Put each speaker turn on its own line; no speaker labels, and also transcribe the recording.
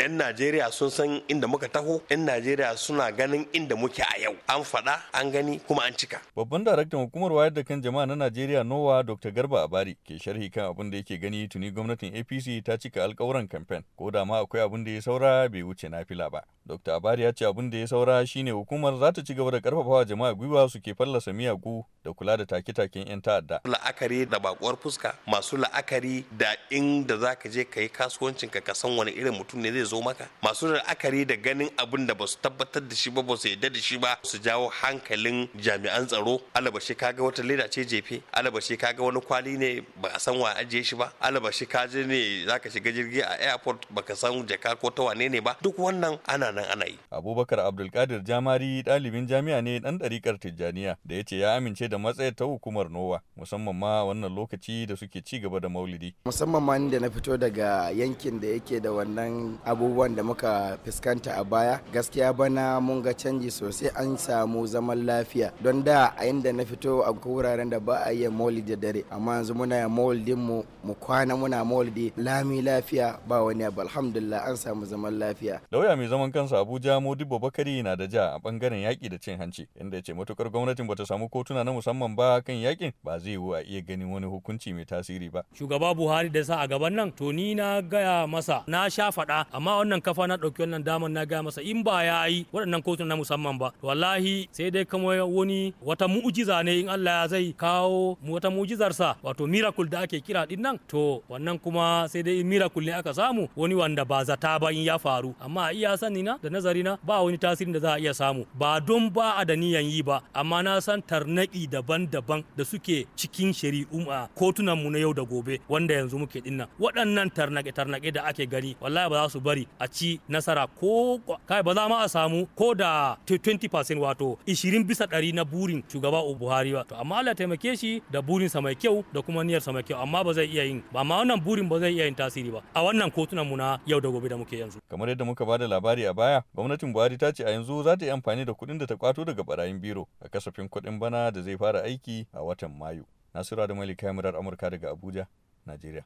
'yan najeriya sun san inda muka taho 'yan najeriya suna ganin inda muke a yau an faɗa an gani kuma an cika
babban daraktan hukumar wayar da kan jama'a na najeriya nowa dr garba abari ke sharhi kan abin da yake gani tuni gwamnatin apc ta cika alkawuran kamfen ko da ma akwai abin da ya saura bai wuce na fila ba dr abari ya ce abin da ya saura shine hukumar za ta ci gaba da karfafawa
jama'a gwiwa su ke fallasa miyagu da kula da take-taken 'yan ta'adda. La'akari da bakuwar fuska masu la'akari da inda za ka je ka yi kasuwancin ka san wani irin mutum ne zai zo maka. Masu la'akari da ganin abin da ba su tabbatar da shi ba ba su yadda da shi ba su jawo hankalin jami'an tsaro. Alabashi ka ga wata leda ce jefe, alabashi ka ga wani kwali ne ba a san wa ajiye shi ba, alabashi ka je ne za ka shiga jirgi a airport ba ka san jaka ko ta wane ne ba. Duk wannan ana nan ana yi.
Abubakar Abdulkadir Jamari ɗalibin jami'a ne ɗan ɗarikar Tijjaniya da ya ce ya amince da matsayar ta hukumar nowa musamman ma wannan lokaci da suke ci gaba da maulidi
musamman ma da na fito daga yankin da yake da wannan abubuwan da muka fuskanta a baya gaskiya bana mun ga canji sosai an samu zaman lafiya don da a inda na fito a wuraren da ba a iya maulidi dare amma yanzu muna maulidin mu mu kwana muna maulidi lami lafiya ba wani abu alhamdulillah an samu zaman lafiya
lauya mai zaman kansa abuja modibo bakari na da ja a bangaren yaki da cin hanci inda ya ce matukar gwamnatin bata samu kotuna na musamman ba kan yakin ba zai yiwu a iya ganin wani hukunci mai tasiri ba
shugaba buhari da sa a gaban nan to ni na gaya masa na sha faɗa amma wannan kafa na ɗauki wannan damar na gaya masa in ba ya yi waɗannan kotun na musamman ba wallahi sai dai kama wani wata mu'jiza ne in Allah ya zai kawo wata mu'jizarsa wato miracle da ake kira din nan to wannan kuma sai dai miracle ne aka samu wani wanda ba zata ba in ya faru amma iya sani na da nazari na ba wani tasirin da za a iya samu ba don ba a da niyan yi ba amma na san tarnaki daban-daban da suke cikin shari'u a kotunanmu na yau da gobe wanda yanzu muke dinnan waɗannan tarnaƙe-tarnaƙe da ake gani wallahi ba za su bari a ci nasara ko kai ba za ma a samu ko da 20% wato 20 bisa ɗari na burin shugaba Buhari ba to amma Allah taimake shi da sa mai kyau da kuma sa mai kyau amma ba zai iya yin ba amma wannan burin ba zai iya yin tasiri ba a wannan kotunan mu na yau da gobe da muke yanzu
kamar yadda muka bada labari a baya gwamnatin Buhari ta ce a yanzu za ta yi amfani da kuɗin da ta kwato daga barayin biro a kasafin kuɗin bana da zai fara aiki a watan Mayu. Nasiru da Malika Yamurar Amurka daga Abuja, Najeriya.